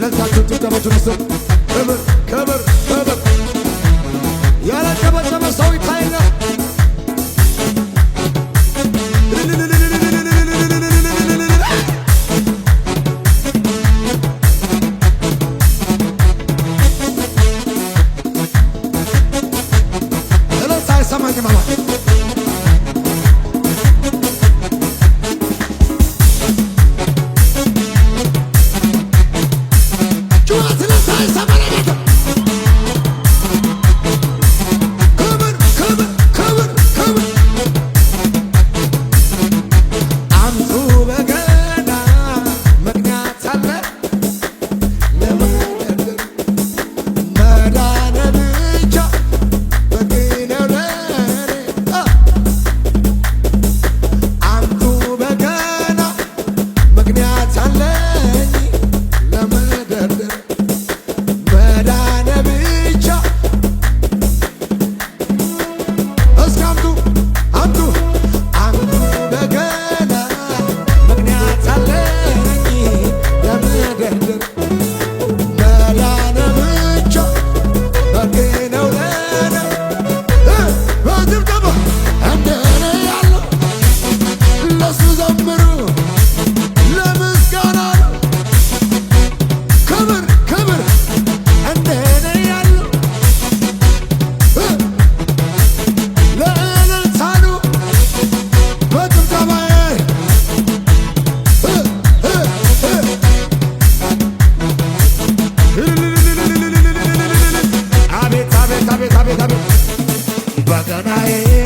Helal takip tut amacımızın I'm bagana eh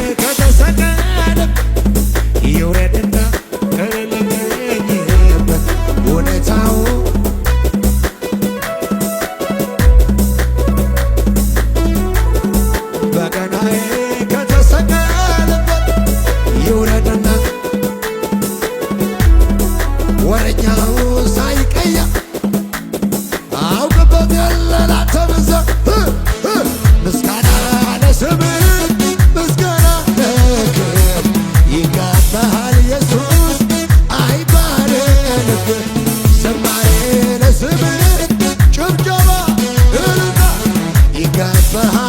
behind.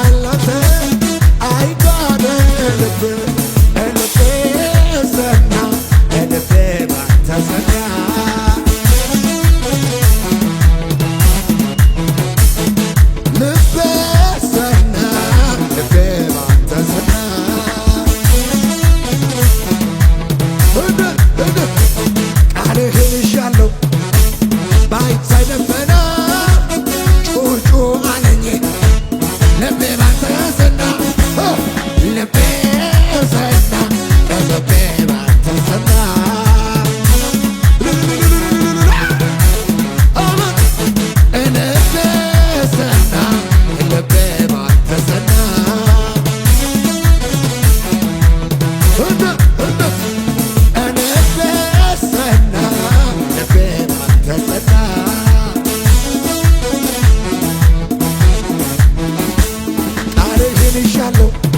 I look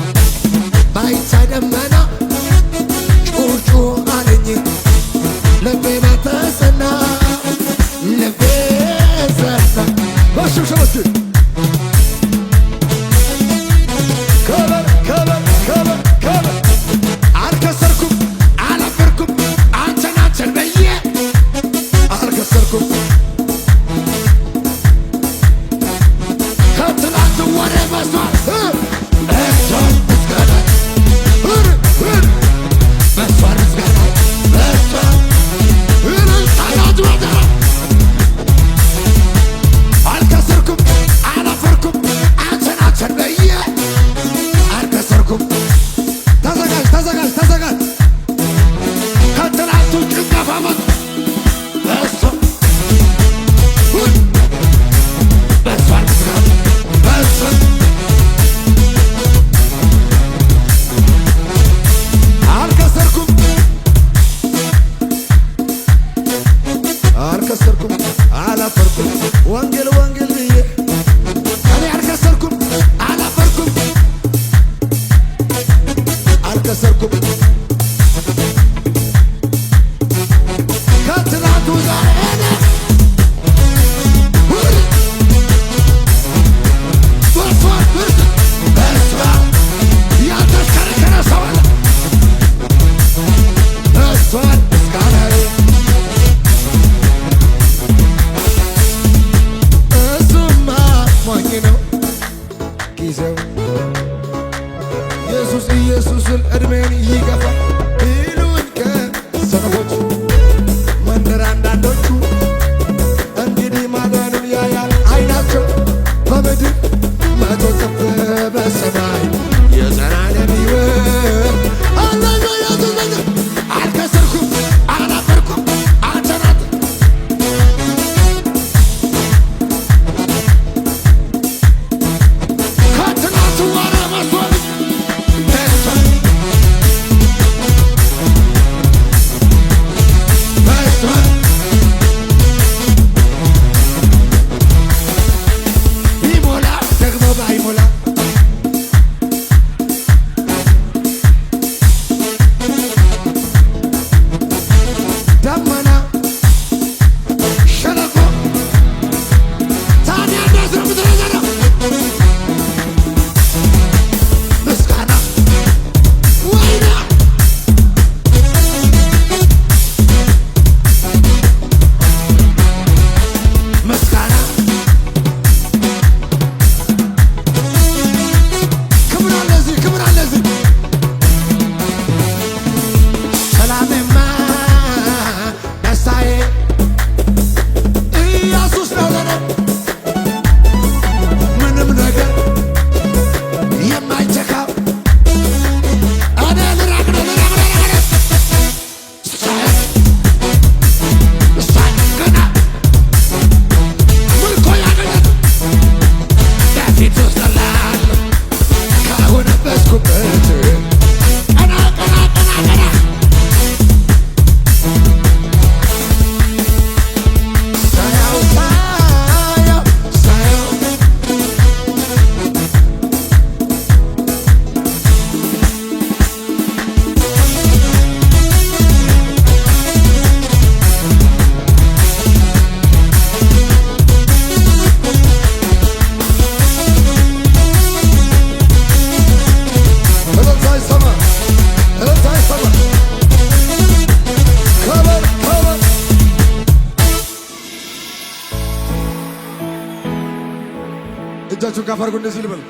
እጃችሁ ከፍ አድርጉ። እንደዚህ ልበል።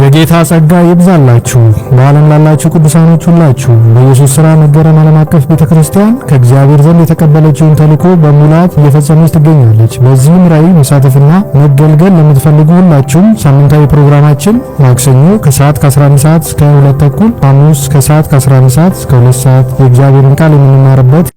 የጌታ ጸጋ ይብዛላችሁ በዓለም ላላችሁ ቅዱሳኖች ሁላችሁ በኢየሱስ ሥራ መገረም ዓለም አቀፍ ቤተ ክርስቲያን ከእግዚአብሔር ዘንድ የተቀበለችውን ተልእኮ በሙላት እየፈጸመች ትገኛለች። በዚህም ራዕይ መሳተፍና መገልገል ለምትፈልጉ ሁላችሁም ሳምንታዊ ፕሮግራማችን ማክሰኞ ከሰዓት ከ11 ሰዓት እስከ 2 ተኩል፣ ሐሙስ ከሰዓት ከ11 ሰዓት እስከ 2 ሰዓት የእግዚአብሔርን ቃል የምንማርበት